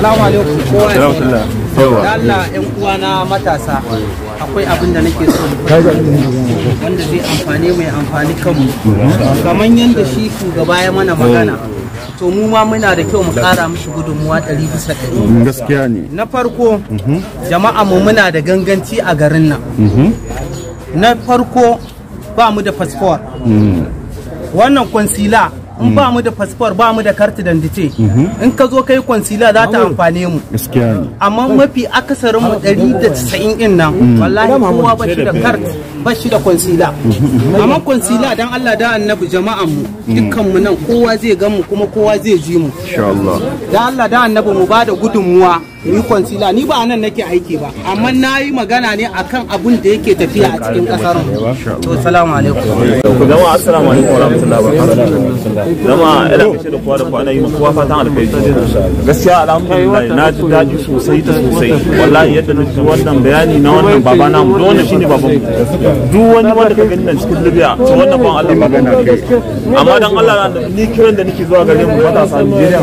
Assalamu alaikum kowa ya sauna. Allah ƴan uwana matasa akwai abin da nake so wanda zai amfane mai amfani kanmu. Kamar yadda shi shugaba ya mana magana. to mu ma muna da kyau mu kara mishi gudunmuwa ɗari bisa ɗari. Mm, gaskiya ne. Na farko mm-hmm. jama'a mu muna da ganganci a garin nan. Mm-hmm. Na farko ba mu da fasfor. Mm. Wannan kwansila in ba mu da fasfor ba mu da karti dandite mhm. in ka zo ka kai concealer za ta amfane mu amma mafi akasarin mu 190 din nan mhm. wallahi kowa ba shi da kart ba shi da concealer mhm. amma concealer dan Allah da annabi jama'an mu dukkan mu nan kowa zai gan mu kuma kowa zai ji mu insha Allah dan Allah da annabi mu ba da gudunmuwa ni concealer ni ba nan nake aiki ba amma na yi magana ne akan abun da yake tafiya a cikin kasar mu to assalamu alaikum ku assalamu alaikum wa rahmatullahi wa barakatuh zama ina kashe da kowa da kowa na yi makuwa fatan alkhairi gaskiya alhamdulillah na ji daɗi sosai ta sosai wallahi yadda na ji wannan bayani na wannan baba na mu wannan shine baban mu duk wani wanda ka gani nan cikin libya to wannan ban Allah magana kai amma dan Allah ni kiran da nake zuwa gare mu matasa Nigeria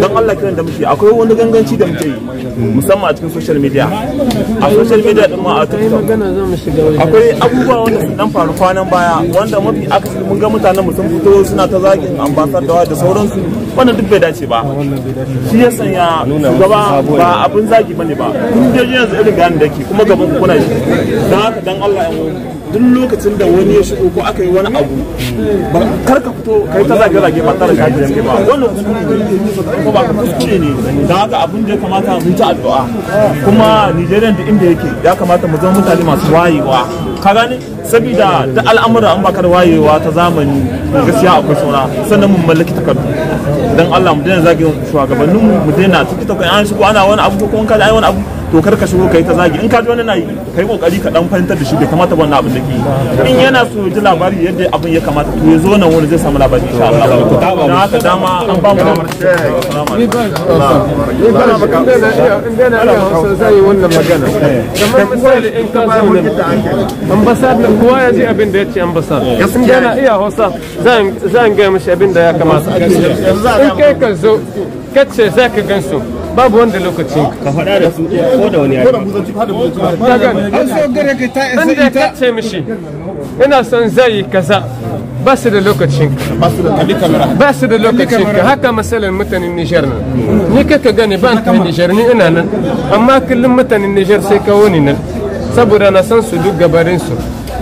dan Allah kiran da muke akwai wani ganganci da muke yi musamman a cikin social media a social media din ma a TikTok akwai abubuwa wanda sun dan faru kwanan baya wanda mafi akasari mun ga mutanen mutum fito suna ta zagin ambasadawa da sauransu wannan duk bai dace ba shi ya sanya shugaba ba abin zagi bane ba kun je yanzu irin ga da ke kuma gaban kuna shi dan haka dan Allah ya duk lokacin da wani ya shigo ko aka yi wani abu ba kar ka fito kai ta zage zage ba tare da ka ba wannan kuma ne ko ba kuskure ne dan haka abin da ya kamata mu ta addu'a kuma Nigerian da inda yake ya kamata mu zama mutane masu wayewa ka gane saboda da al'amura an bakar wayewa ta zamani gaskiya akwai sauna sannan mun mallaki takardu dan Allah mu daina zagin shugabanninmu mu daina tiktok an shigo ana wani abu ko kuma kada ai wani abu to kar ka shigo kai ta zagi in ka ji wani na yi kai kokari ka dan fahimtar da shi bai kamata wannan abin da ke in yana so ji labari yadda abin ya kamata to ya zo nan wani zai samu labari insha Allah dan haka dama an ba mu damar ni ba ni ba ka in da na iya hausa zai wannan magana kamar misali in ka zo ne ambasad na kowa ya ji abin da ya ce ambasad in da na iya hausa zan zan ga mishi abin da ya kamata in kai ka zo kace zaka gansu babu wanda lokacin ka faɗa da su ko da wani yare da ka ce mishi ina son zai kaza ba su da lokacin ba su da lokacin ka haka masalan mutanen Nijar nan ni kaka gani ban ta Nijar ni ina nan amma kullum mutanen Nijar sai ka wani nan saboda na san su duk gabarin su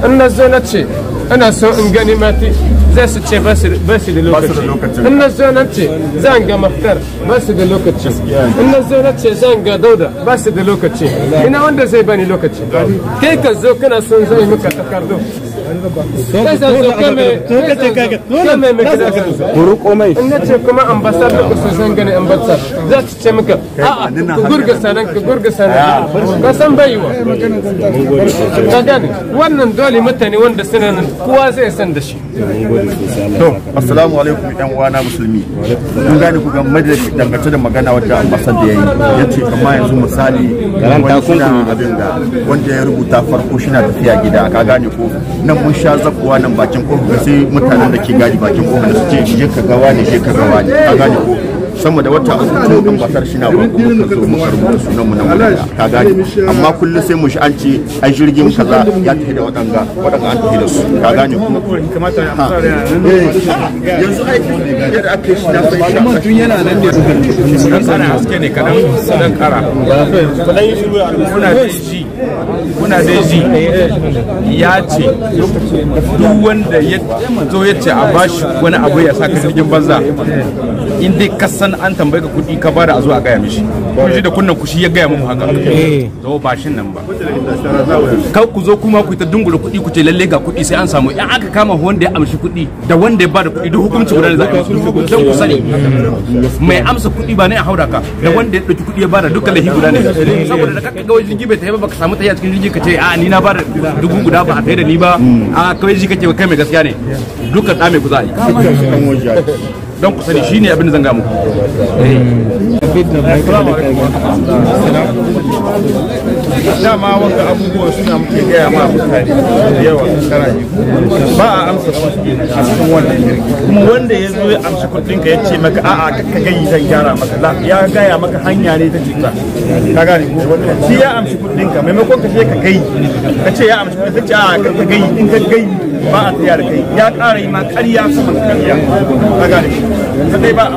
in na zo na ce ina son in gani mati zai su ce ba su da lokaci in na zo nan ce zan ga maftar ba su da lokaci in na zo nan ce zan ga dauda ba su da lokaci ina wanda zai bani lokaci kai ka zo kana son maka takardu ku ruko mai zai san da shi to assalamu alaikum yan uwana musulmi kun gane ku ga majalisa dangace da magana wadda ambasar da yayi ce kamar yanzu misali wani abin da wanda ya rubuta farko shi na tafiya gida ka gane ko nan nan mun sha zakuwa nan bakin kofa sai mutanen da ke gadi bakin kofar da ce shi ka gawa ne shi ka gawa ne a gane ko sama da wata uku dan basar shi na ba ko ka zo mu muka su nan mu nan mun ka gane amma kullum sai mu shi an ce ai jirgin kaza ya tafi da wadanga wadanga an tafi da su ka gane kuma kamata a amsa eh. yanzu ai yadda ake shi na sai shi tun yana nan ne su sunan tsara haske ne kadan sanan kara muna ji muna dai ji ya ce duk wanda ya zo ya ce a bashi wani abu ya sa jirgin banza in dai ka san an tambaye ka kuɗi ka bada a zo a gaya mishi kun shi da kunnan kushi ya gaya mu haka to ba shi nan ba ka ku zo kuma ku ta dungula kuɗi ku ce lalle ga kuɗi sai an samu in aka kama wanda ya amshi kuɗi da wanda ya bada kuɗi duk hukunci guda ne za a yi don ku sani mai amsa kuɗi ba ne a haura ka da wanda ya ɗauki kuɗi ya bada duka lahi guda ne saboda da ka ga wajen gibe ta yaba baka samu tayi a cikin jirgi ka ce a ni na ba dubu guda ba a tayi da ni ba mm. a kawai ji kake kai mai gaskiya ne dukkan da mai kuzari don ku sani shine abin da zan gamu dama wanga abubuwa suna muke gaya ma mutane da yawa kana yi ba a amsa su a cikin wannan jirgi kuma wanda ya zo ya amshi kuɗin ka ya ce maka a'a ka gayi zan gyara maka la ya gaya maka hanya ne ta cuta ka gane ko shi ya amsa kudin ka maimakon ka je ka gayi ka ce ya amsa kuɗin ka ce a'a ka gayi in ka gayi ba a tsaya da kai ya ƙara yi ma ƙarya saman ƙarya ka gane ko ba a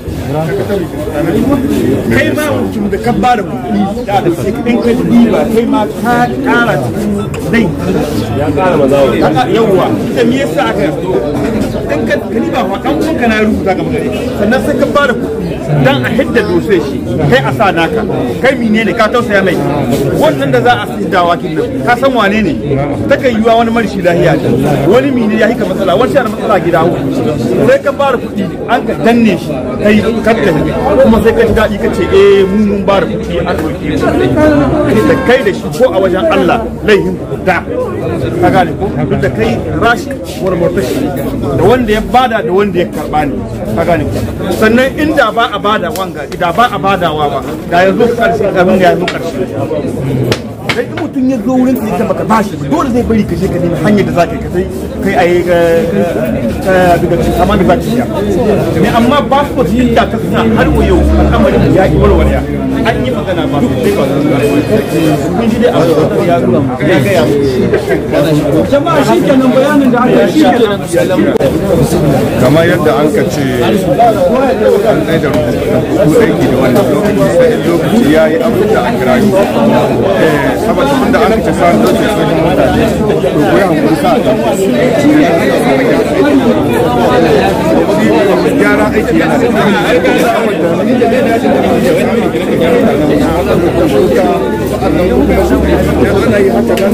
kai ma mutum da ka bada kuɗi kai ma ka dai ya kara mazawa yawwa ita me yasa aka idan ka kani ba fa kan kun kana rubuta ka magare sannan sai ka bada kuɗi dan a hidda dose shi kai a sa naka kai mine ne ka tausaya mai wannan da za a sidawa kin nan ka san wane ne ta kan yiwa wani marishi lahiya ta wani mine ya hika matsala wani yana matsala gida hu sai ka bada kuɗi an ka danne shi kai kakka kuma sai ka ji daɗi ka ce eh mu mun bada kuɗi an ɗauke mu kai da shi ko a wajen Allah laihin da ka gane ko duk da kai rashi wani mortashi da wanda ya bada da wanda ya karba ne ka gane ko sannan inda ba a bada wanga da ba a badawa ba da ya zo karshe abin da ya zo karshe dan in mutum ya zo wurin ka baka bashi dole zai bari ka je ka nemi hanyar da zaka kai kai ayi daga cikin amma da zaka yi amma passport din da ta suna har yau al'amarin ya ki warware an yi magana ba sai ba kun ji dai a wajen ya gura ya ga ya jama'a shi kenan bayanin da aka shi kenan kamar yadda an ka ce an tsaye da rubutu aiki da wannan lokaci sai lokaci ya yi abin da an kira yi saboda tun an ka ce sa lokaci gyara aiki yana da kuma ana yi haka nan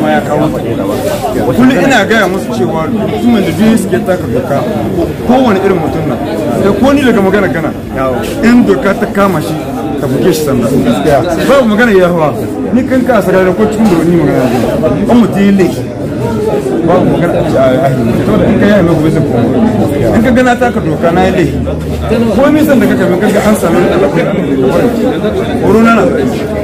kuma ya kawo kullum ina gaya musu cewa mutumin da biyu suke taka doka kowane irin mutum na da ko ni daga magana gana in doka ta kama shi ka buge shi sanda babu magana ya hawa ni kan ka sarari ko cikin da ni magana ne an mutum yi laifi babu magana a ahimi saboda in ka yi ahimi gobe zai kuma in ka gana taka doka na yi laifi ko nisan da ka kafin ka ga an sami da alaƙa korona na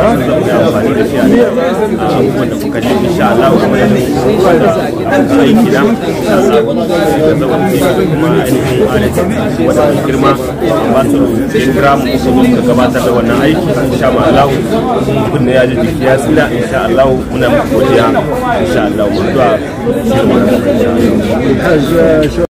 amfani da a kuka ji insha Allah kuma da insha Allah da zaman kuma ainihin malaka girma ba su kira mu kuma gabatar da wannan aiki insha Allah kun ne ya ji jiki ya tsira insha Allah muna godiya insha Allah mun da